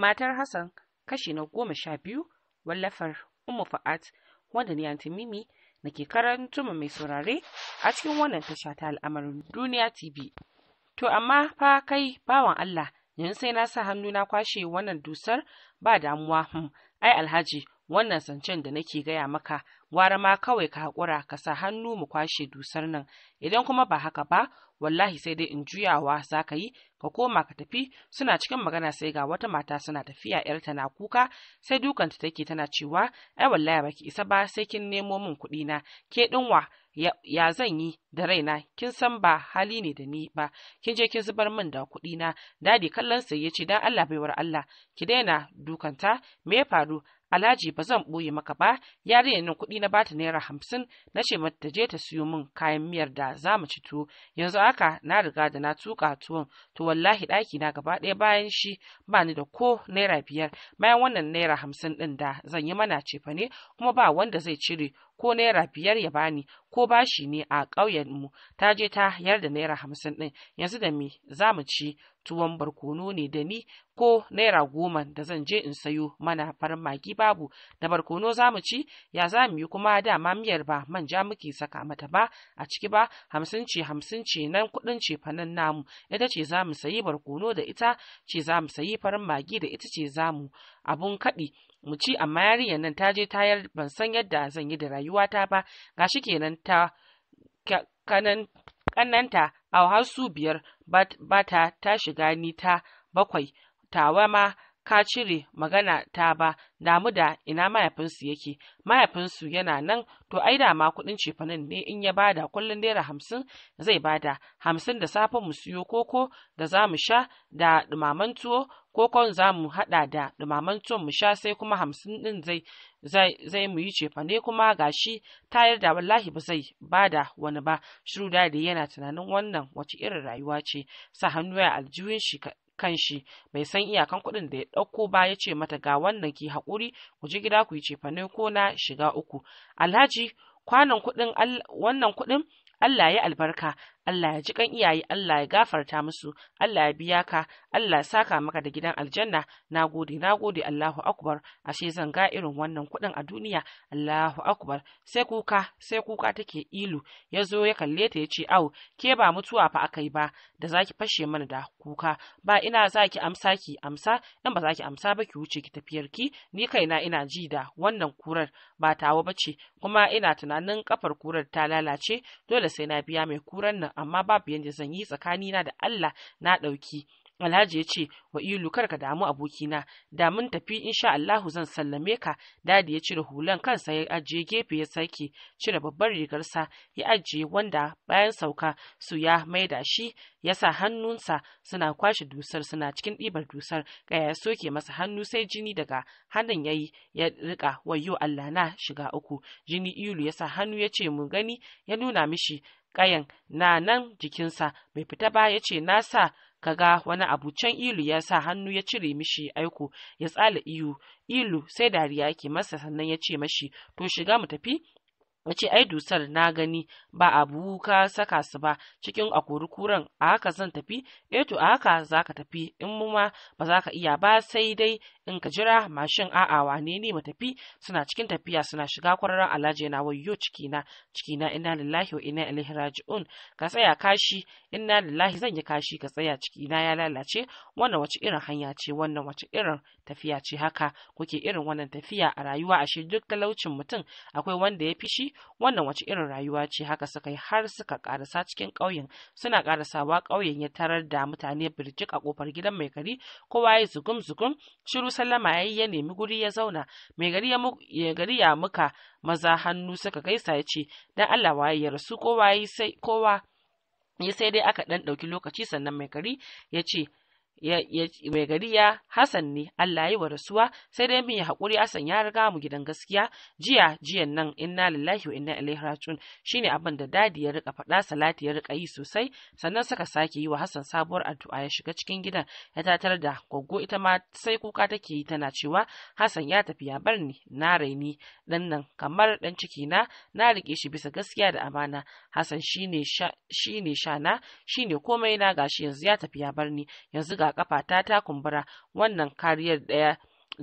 matar Hassan kashi na goma sha biyu wallafar umu Fa'at wanda ni Mimi ke karantuma mai saurare a cikin wannan tasha ta al'amarin duniya TV. To amma fa kai bawan Allah yanzu sai na sa hannu na kwashe wannan dusar ba damuwa hmm, ai alhaji wannan sancen da nake gaya maka gwara ma kawai ka haƙura ka sa hannu mu kwashe dusar nan idan kuma ba haka ba wallahi sai dai in juyawa za ka yi ka koma ka tafi suna cikin magana sai ga wata mata suna tafiya yarta na kuka sai dukanta take tana cewa ai wallahi baki isa ba sai kin nemo min kuɗi na ke ɗinwa ya, ya zan yi da raina kin san ba hali ne da ni ba kin je kin zubar min da kuɗi na dadi kallon sai ce dan Allah baiwar Allah ki daina dukanta me ya faru Alhaji ba zan ɓoye maka ba, yarinyar nan kuɗi na bata naira hamsin na ce mata je ta siyo min kayan miyar da za mu ci tuwo. Yanzu haka na riga da na tuƙa tuwon, to wallahi ɗaki na gaba ɗaya bayan shi ba ni da ko naira biyar. Bayan wannan naira hamsin ɗin da zan yi mana cefa ne kuma ba wanda zai cire ko naira biyar ya bani ko bashi ne a ƙauyenmu ta je ta yarda naira hamsin ɗin yanzu da me za mu ci tuwon barkono ne da ni ko naira goma da zan je in sayo mana farin magi babu da barkono za mu ci ya za mu yi kuma dama miyar ba manja muke saka mata ba a ciki ba hamsin ce hamsin ce nan kuɗin ce fanan namu ita ce za mu sayi barkono da ita ce za mu sayi farin magi da ita ce za mu abun kaɗi mu ci amma yarinyar nan ta je tayar ban san yadda zan yi da rayuwa rayuwata ba ga shi kenan ta kanan kannanta a har su biyar ba ta ta shiga ni ta bakwai tawa ma ka cire magana ta ba damu da ina mahaifinsu yake mahaifinsu yana nan to ai da ma kuɗin cefanen ne in ya bada kullun naira hamsin zai bada hamsin da safe mu siyo koko da za mu sha da dumaman tuwo kokon za mu haɗa da ɗumaman tuwon mu sha sai kuma hamsin ɗin zai zai mu yi cefane kuma gashi tayar da wallahi ba zai bada wani ba shiru da yana tunanin wannan wace irin rayuwa ce sa hannu ya aljihun shi Kan shi mai san iyakan kuɗin da ya ɗauko ba ya ce mata ga wannan ki haƙuri ku je gida ku yi cefane ko na shiga uku alhaji kwanan kuɗin wannan kuɗin Allah ya albarka Allah ya ji kan iyaye Allah ya gafarta musu Allah ya biya ka Allah ya saka maka da gidan aljanna nagode nagode Allahu akbar ashe zan ga irin wannan kuɗin a duniya Allahu akbar sai kuka sai kuka take ilu ya zo ya kalle ta ya ce au ke ba mutuwa fa akai ba da zaki fashe mana da kuka ba ina zaki amsa ki amsa dan ba zaki amsa ba ki wuce ki tafiyar ki ni kaina ina ji da wannan kurar ba tawa bace kuma ina tunanin kafar kurar ta lalace dole sai na biya mai kurar nan nan amma babu yadda zan yi tsakanina da Allah na ɗauki Alhaji ya ce wa ilu kar ka damu abokina da mun tafi in sha Allahu zan sallame ka dadi ya cire hulan kansa ya ajiye gefe ya sake cire babbar rigarsa ya ajiye wanda bayan sauka su ya maida shi ya sa hannunsa suna kwashe dusar suna cikin ɗibar dusar kaya ya soke masa hannu sai jini daga hannun yayi ya rika wayo Allah na shiga uku jini ilu ya sa hannu ya ce mu gani ya nuna mishi ƙayan na nan jikinsa mai fita ba ya ce na sa kaga wani abu can ilu ya sa hannu ya cire mishi aiko ya tsala iyu ilu sai dariya ke masa sannan ya ce mashi to shiga mu tafi ya ce ai dusar na gani ba abu ka saka su ba cikin akori kuran a haka zan tafi Eto eh a haka za ka tafi in mu ma ba za ka iya ba sai dai ɗin ka jira mashin a'a wane ne mu tafi suna cikin tafiya suna shiga kwararren alhaji yana wayyo cikina cikina inna lillahi wa inna ilaihi raji'un ka tsaya kashi inna lillahi zan yi kashi ka tsaya cikina ya lalace wannan wace irin hanya ce wannan wace irin tafiya ce haka kuke irin wannan tafiya a rayuwa ashe duk talaucin mutum akwai wanda ya fi shi wannan wace irin rayuwa ce haka suka yi har suka karasa cikin ƙauyen suna karasawa ƙauyen ya tarar da mutane birjik a kofar gidan mai gari. kowa ya zugum zugum shiru sallama ya yi ya nemi guri ya zauna mai gari ya muka maza hannu suka gaisa ya ce dan Allah waye ya rasu kowa sai ya sai dai aka dan ɗauki lokaci sannan mai gari ya ce mai gari ya Hassan ne Allah yi wa rasuwa sai dai mu yi haƙuri Hassan ya riga mu gidan gaskiya jiya jiyan nan inna lillahi wa inna ilaihi rajiun shine abin da dadi ya rika faɗa Salati ya rika yi sosai sannan suka sake yi wa Hassan sabuwar addu'a ya shiga cikin gidan ya tatar da goggo ita ma sai kuka take yi tana cewa Hassan ya tafi ya bar ni na raini dan nan kamar dan ciki na na rike shi bisa gaskiya da amana Hassan shine sha, shine shana shine komai na gashi yanzu ya tafi ya bar ni yanzu ga cewa kafata ta kumbura wannan kariyar ɗaya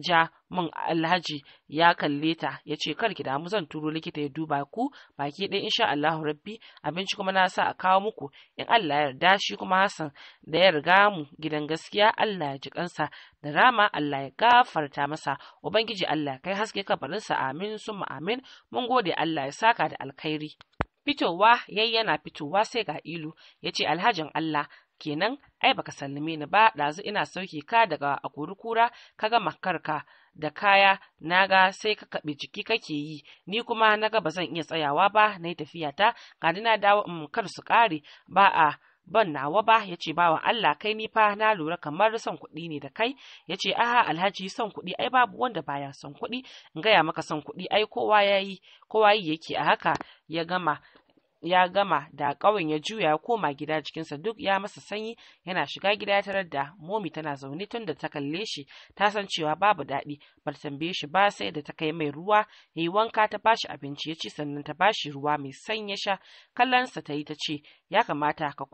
ja mun alhaji ya kalle ta ya ce kar ki damu zan turo likita ya duba ku baki ɗin insha Allahu rabbi abinci kuma na sa a kawo muku in Allah ya yarda shi kuma Hassan da ya riga mu gidan gaskiya Allah ya ji kansa da rama Allah ya gafarta masa ubangiji Allah kai haske kabarinsa amin summa amin mun gode Allah ya saka da alkhairi fitowa yayi yana fitowa sai ga ilu ya ce alhajin Allah kenan ai baka sallame ni ba ɗazu ina sauke ka daga a ka gama karka da kaya na ga sai ka kaɓe jiki kake yi ni kuma na ga ba zan iya tsayawa ba na yi tafiya ta ga na dawo in um, kar su kare ba a ban nawa ba ya ce bawan Allah kai ni fa na lura kamar son kuɗi ne da kai ya ce ha alhaji son kuɗi ai babu wanda baya son kuɗi in gaya maka son kuɗi ai kowa ya yi kowa yake a haka ya gama ya gama da ƙauyen ya juya ya koma gida jikinsa duk ya masa sanyi yana shiga gida ya tarar da momi tana zaune tun da ta kalle shi ta san cewa babu daɗi Bar ta tambaye shi ba sai da ta kai mai ruwa ya yi wanka ta bashi abinci ya ci sannan ta ba shi ruwa mai sanya sha kallonsa ta yi ta ce ya kamata ka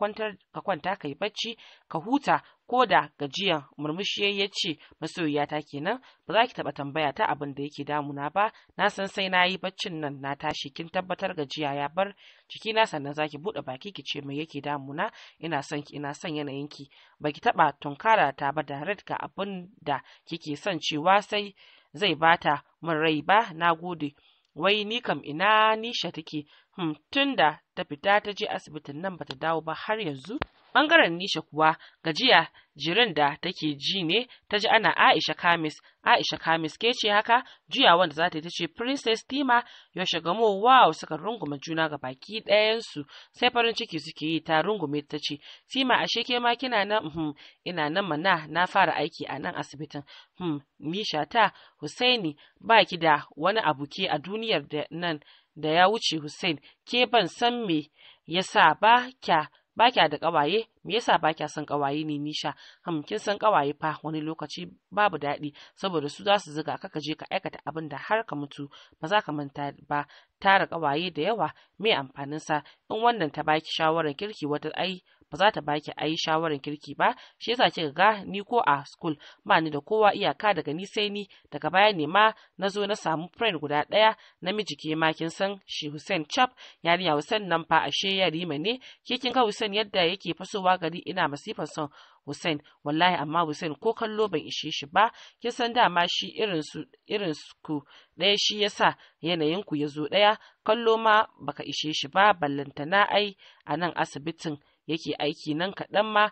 kwanta ka yi bacci ka huta ko da gajiyan murmushi ya ce masoyiyata kenan ba za ki taɓa tambaya ta abin da yake damuna ba na san sai na yi baccin nan na tashi kin tabbatar gajiya ya bar jikina sannan za ki buɗe baki ki ce mai yake damuna ina son ki ina son yanayin ki ba ki taɓa tunkara ta ba da ga abin da kike son cewa sai zai bata min rai ba na gode wai ni kam ina nisha take hmm, tun da ta fita ta je asibitin nan bata dawo ba har yanzu Bangaren Nisha kuwa gajiya jirin da take ji ne ta ji ana Aisha Kamis, Aisha Kamis ke ce haka juya wanda za ta yi ta ce Princess Tima yaushe gamo wow suka rungume juna ga baki ɗayansu sai farin ciki suke yi ta rungume ta ce Tima ashe ke ma kina nan hmm, ina nan mana na fara aiki a nan asibitin hmm, Misha ta Hussaini ba ki da wani abu ke a duniyar da nan da ya wuce hussain ke ban san me yasa ba kya ba kya da ƙawaye me yasa ba kya son ƙawaye ne nisha ham kin san ƙawaye fa wani lokaci babu daɗi saboda su za su zuga ka je ka aikata abin da har ka mutu ba za ka manta ba tara ƙawaye da yawa me amfanin sa in wannan ta baki shawarar kirki wata ai ba za ta baki a yi shawarar kirki ba shi yasa kika ga ni ko a school ba ni da kowa iyaka daga ni sai ni daga baya ne ma na zo na samu friend guda ɗaya namiji ke ma kin san shi Hussein Chap yarinya Hussein nan fa ashe yarima ne ke kin ga Hussein yadda yake fasowa gari ina masifar son Hussein wallahi amma Hussein ko kallo ban ishe shi ba kin san dama shi irin su irin ku ɗaya shi yasa yanayin ku ya zo ɗaya kallo ma baka ishe shi ba ballantana ai a nan asibitin yake aiki nan kaɗan ma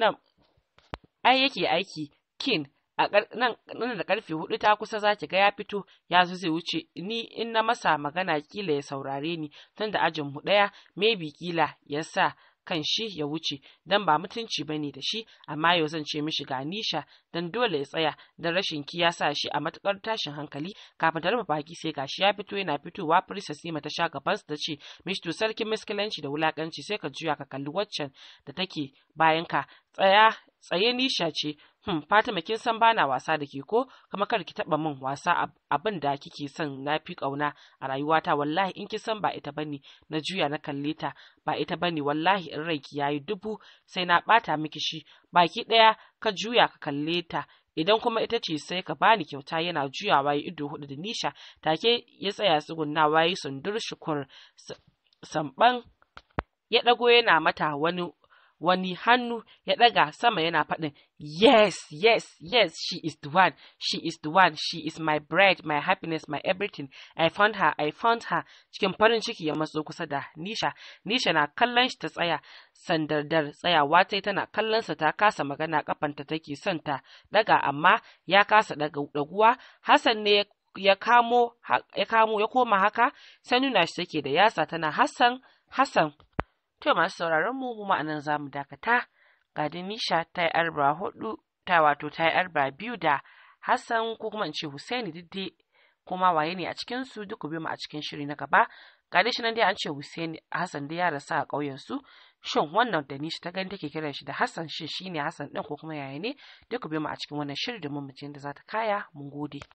nan ai yake aiki kin a nan da ƙarfe hudu ta kusa za ki ga ya fito ya zo zai wuce ni in na masa magana kila ya saurare ni tun da ajin mu ɗaya maybe kila ya sa kan shi ya wuce don ba mutunci ba ne da shi amma yau zan ce mishi ga nisha don dole ya tsaya don rashin ki ya sa shi a matukar tashin hankali kafin ta rufe baki sai gashi ya fito yana fitowa firisa sima ta sha gabansa ta ce mishtu sarkin miskilanci da wulakanci sai ka juya ka kalli waccan da take bayan ka tsaya tsaye nisha ce Hmm, Fatima kin san bana wasa da ke ko kuma kar ki taba min wasa abin da kike son na fi kauna a rayuwata wallahi in kin san ba ita bane na juya na kalle ta ba ita bane wallahi in ranki yayi dubu sai na ɓata miki shi baki ɗaya ka juya ka kalle ta idan kuma ita ce sai ka bani kyauta yana juyawa ya ido hudu da nisha take ya tsaya tsugunnawa ya sundur shukur samban ya dago yana mata wani wani hannu ya ɗaga sama yana faɗin yes yes yes she is the one she is the one she is my bread my happiness my everything i found her i found her cikin farin ciki ya matso kusa da nisha nisha na kallon shi ta tsaya sandardar tsayawa ta tana kallon sa ta kasa magana kafanta take son ta daga amma ya kasa daga daguwa hassan ne ya ya kamo ya koma haka sai nuna shi take da yasa tana hassan hassan To masu sauraron mu mu ma'anan za mu dakata ga Nisha ta yi arba hudu ta wato ta yi arba biyu da Hassan ko kuma in ce Husaini diddi kuma waye ne a cikin su duk bi mu a cikin shiri na gaba ga dai nan dai an ce Husaini Hassan dai ya rasa a ƙauyen su shin wannan da Nisha ta gani take kiran shi da Hassan shi shine Hassan din ko kuma yaya ne duk bi mu a cikin wannan shiri da mu da za ta kaya mun gode.